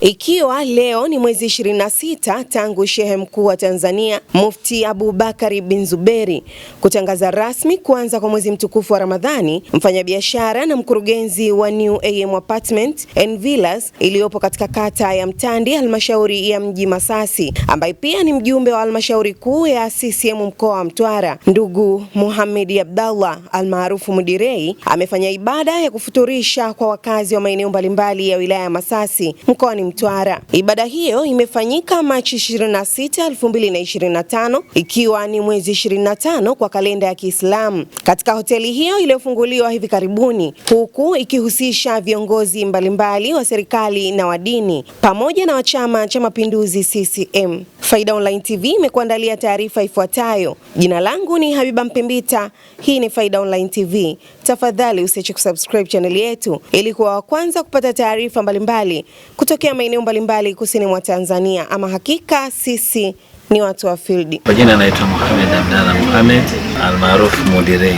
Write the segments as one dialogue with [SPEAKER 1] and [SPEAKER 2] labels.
[SPEAKER 1] Ikiwa leo ni mwezi 26 tangu shehe mkuu wa Tanzania Mufti Abubakari bin Zuberi kutangaza rasmi kuanza kwa mwezi mtukufu wa Ramadhani, mfanyabiashara na mkurugenzi wa New AM Apartment and Villas iliyopo katika kata ya Mtandi halmashauri ya mji Masasi, ambaye pia ni mjumbe wa halmashauri kuu ya CCM mkoa wa Mtwara, ndugu Muhamedi Abdallah almaarufu Mudirei, amefanya ibada ya kufuturisha kwa wakazi wa maeneo mbalimbali ya wilaya ya Masasi mkoani Mtwara. Ibada hiyo imefanyika Machi 26, 2025 ikiwa ni mwezi 25 kwa kalenda ya Kiislamu katika hoteli hiyo iliyofunguliwa hivi karibuni, huku ikihusisha viongozi mbalimbali wa serikali na wa dini pamoja na wa Chama cha Mapinduzi CCM. Faida Online TV imekuandalia taarifa ifuatayo. Jina langu ni Habiba Mpembita. Hii ni Faida Online TV. Tafadhali usiache kusubscribe channel yetu ili kuwa wa kwanza kupata taarifa mbalimbali kutokea maeneo mbalimbali kusini mwa Tanzania. Ama hakika sisi ni watu wa field.
[SPEAKER 2] Kwa jina anaitwa Mohamed Abdalla Mohamed almaarufu Mudirei,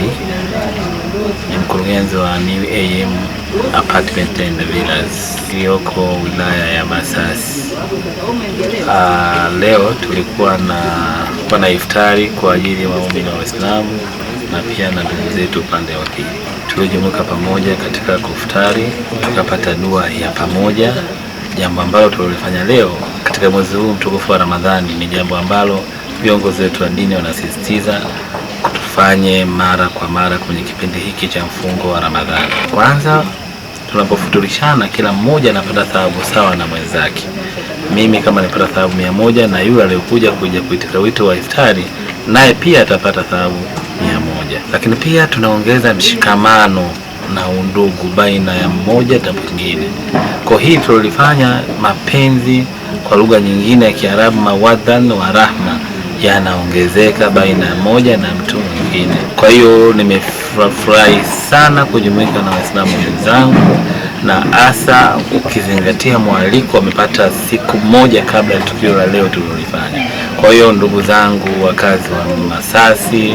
[SPEAKER 2] ni mkurugenzi wa New AM Apartment and Villas iliyoko wilaya ya Masasi. Aa, ah, leo tulikuwa na, na iftari kwa ajili ya waumini wa Waislamu na pia na ndugu zetu upande wa pili tuliojumuika pamoja katika kuftari, tukapata dua ya pamoja jambo ambalo tulilofanya leo katika mwezi huu mtukufu wa Ramadhani ni jambo ambalo viongozi wetu wa dini wanasisitiza kutufanye mara kwa mara kwenye kipindi hiki cha mfungo wa Ramadhani. Kwanza, tunapofutulishana kila mmoja anapata thawabu sawa na mwenzake. Mimi kama nipata thawabu mia moja na yule aliyokuja kuja kuitika wito wa iftari naye pia atapata thawabu mia moja. Lakini pia tunaongeza mshikamano na undugu baina ya mmoja na mwingine. Kwa hii tulifanya mapenzi, kwa lugha nyingine ya Kiarabu mawadhan wa rahma, yanaongezeka baina ya mmoja na mtu mwingine. Kwa hiyo nimefurahi sana kujumuika na Waislamu wenzangu na hasa ukizingatia mwaliko amepata siku moja kabla ya tukio la leo tulilolifanya. Kwa hiyo ndugu zangu wakazi wa Masasi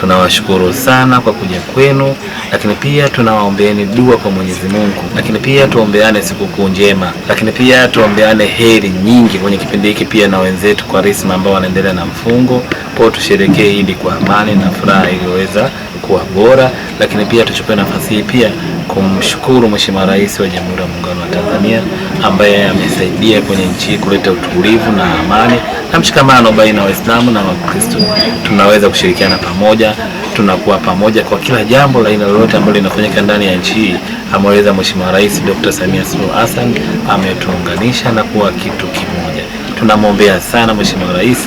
[SPEAKER 2] tunawashukuru sana kwa kuja kwenu, lakini pia tunawaombeeni dua kwa Mwenyezi Mungu, lakini pia tuombeane sikukuu njema, lakini pia tuombeane heri nyingi kwenye kipindi hiki, pia na wenzetu kwa risma ambao wanaendelea na mfungo po, tusherekee hili kwa amani na furaha iliyoweza kuwa bora, lakini pia tuchukue nafasi hii pia kumshukuru Mheshimiwa Rais wa Jamhuri ya Muungano wa Tanzania ambaye amesaidia kwenye nchi kuleta utulivu na amani na mshikamano baina ya Waislamu na Wakristo. Tunaweza kushirikiana pamoja, tunakuwa pamoja kwa kila jambo la aina lolote ambalo linafanyika ndani ya nchi hii. Ameweza Mheshimiwa Rais Dr. Samia Suluhu Hassan ametuunganisha na kuwa kitu kimoja. Tunamwombea sana Mheshimiwa Rais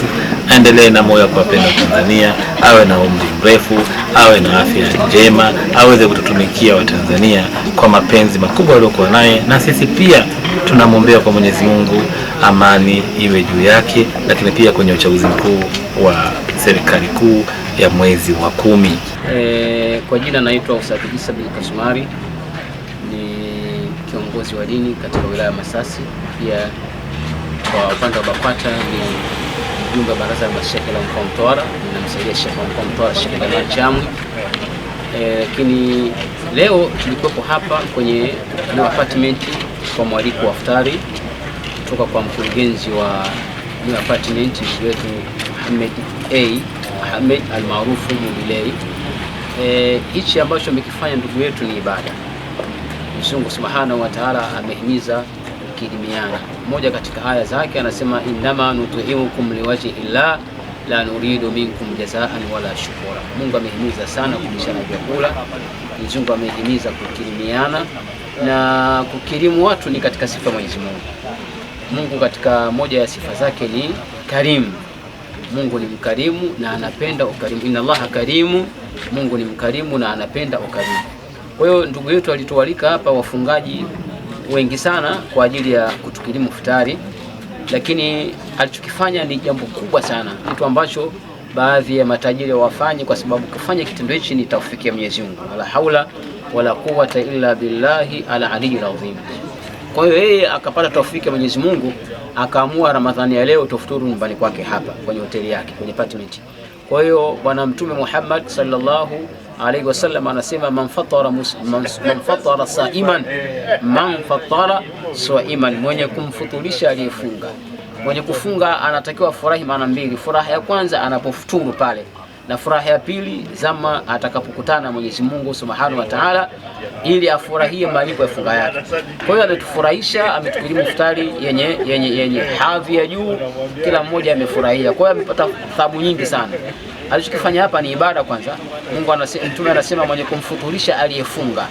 [SPEAKER 2] aendelee na moyo wa kuwapenda Tanzania, awe na umri mrefu, awe na afya njema, aweze kututumikia Watanzania kwa mapenzi makubwa aliyokuwa naye, na sisi pia tunamwombea kwa Mwenyezi Mungu amani iwe juu yake, lakini pia kwenye uchaguzi mkuu wa serikali kuu ya mwezi wa kumi.
[SPEAKER 3] E, kwa jina naitwa Ustadh bin Kasumari, ni kiongozi wa dini katika wilaya Masasi, pia kwa upande wa BAKWATA ni mjumbe wa baraza la mashekhe la mkoa Mtwara, ninamsaidia shekhe wa mkoa Mtwara, shekhe Chamwi. Eh, lakini leo tulikuwepo hapa kwenye apartment kwa mwaliko wa iftari kutoka kwa mkurugenzi wa apartment wetu Ahmed A Ahmed almaarufu Mubilei. Eh, hichi e, ambacho amekifanya ndugu yetu ni ibada. Mwenyezi Mungu Subhanahu wa Ta'ala amehimiza kidimiana. Mmoja katika haya zake anasema innama nutimukum liwajhi illah la nuridu minkum jazaan wala shukura. Mungu amehimiza sana kulishana vyakula. mzungu amehimiza kukirimiana na kukirimu watu ni katika sifa Mwenyezi Mungu. Mungu katika moja ya sifa zake ni karimu. Mungu ni mkarimu na anapenda ukarimu. Inna Allaha karimu, Mungu ni mkarimu na anapenda ukarimu. Kwa hiyo ndugu yetu alitualika hapa wafungaji wengi sana kwa ajili ya kutukilimu futari, lakini alichokifanya ni jambo kubwa sana, kitu ambacho baadhi ya matajiri hawafanyi, kwa sababu kufanya kitendo hichi ni taufiki ya Mwenyezi Mungu. Wala haula wala quwwata illa billahi ala aliyil adhim. Kwa hiyo yeye akapata taufiki ya Mwenyezi Mungu, akaamua Ramadhani ya leo tofuturu nyumbani kwake hapa kwenye hoteli yake kwenye apartment kwa hiyo Bwana Mtume Muhammad sallallahu alaihi wasallam anasema man fatara man fatara saiman man fatara saiman, mwenye kumfuturisha aliyefunga. Mwenye kufunga anatakiwa furahi mara mbili. Furaha ya kwanza anapofuturu pale na furaha ya pili zama atakapokutana na Mwenyezi Mungu Subhanahu wa Ta'ala, ili afurahie malipo ya funga yake. Kwa hiyo ametufurahisha, ametukirimu futari yenye, yenye, yenye hadhi ya juu, kila mmoja amefurahia. Kwa hiyo amepata thawabu nyingi sana. Alichokifanya hapa ni ibada kwanza. Mungu anasema, Mtume anasema mwenye kumfuturisha aliyefunga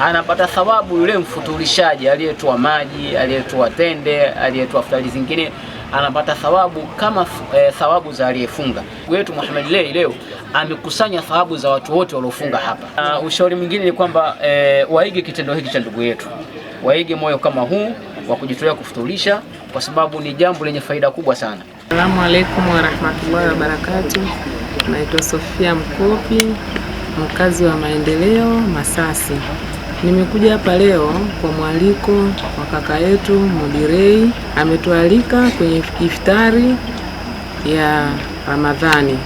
[SPEAKER 3] anapata thawabu, yule mfutulishaji aliyetoa maji, aliyetoa tende, aliyetoa futari zingine anapata thawabu kama e, thawabu za aliyefunga wetu. Muhammad lei leo amekusanya thawabu za watu wote waliofunga hapa. Na ah, ushauri mwingine ni kwamba e, waige kitendo hiki cha ndugu yetu, waige moyo kama huu wa kujitolea kufuturisha, kwa sababu ni jambo lenye faida kubwa sana.
[SPEAKER 4] Asalamu alaykum warahmatullahi barakatuh. Naitwa Sofia Mkopi, mkazi wa Maendeleo, Masasi. Nimekuja hapa leo kwa mwaliko wa kaka yetu Mudirei, ametualika kwenye iftari ya Ramadhani.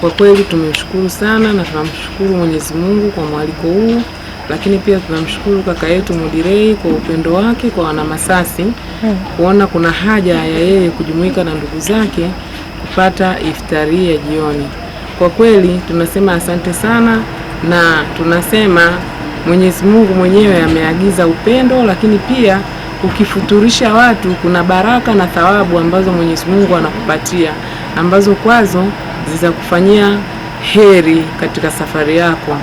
[SPEAKER 4] Kwa kweli tumemshukuru sana na tunamshukuru Mwenyezi Mungu kwa mwaliko huu, lakini pia tunamshukuru kaka yetu Mudirei kwa upendo wake kwa wanamasasi, kuona kuna haja ya yeye kujumuika na ndugu zake kupata iftari ya jioni. Kwa kweli tunasema asante sana na tunasema Mwenyezi Mungu mwenyewe ameagiza upendo, lakini pia ukifuturisha watu kuna baraka na thawabu ambazo Mwenyezi Mungu anakupatia ambazo kwazo ziza kufanyia heri katika safari yako.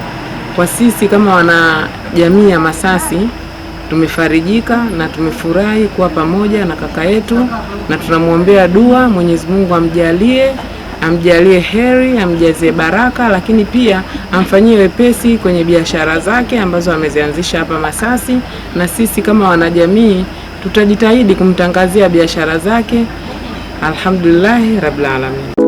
[SPEAKER 4] Kwa sisi kama wana jamii ya Masasi tumefarijika na tumefurahi kuwa pamoja na kaka yetu, na tunamwombea dua Mwenyezi Mungu amjalie amjalie heri, amjazie baraka, lakini pia amfanyie wepesi kwenye biashara zake ambazo amezianzisha hapa Masasi, na sisi kama wanajamii tutajitahidi kumtangazia biashara zake. Alhamdulillahi rabbil alamin.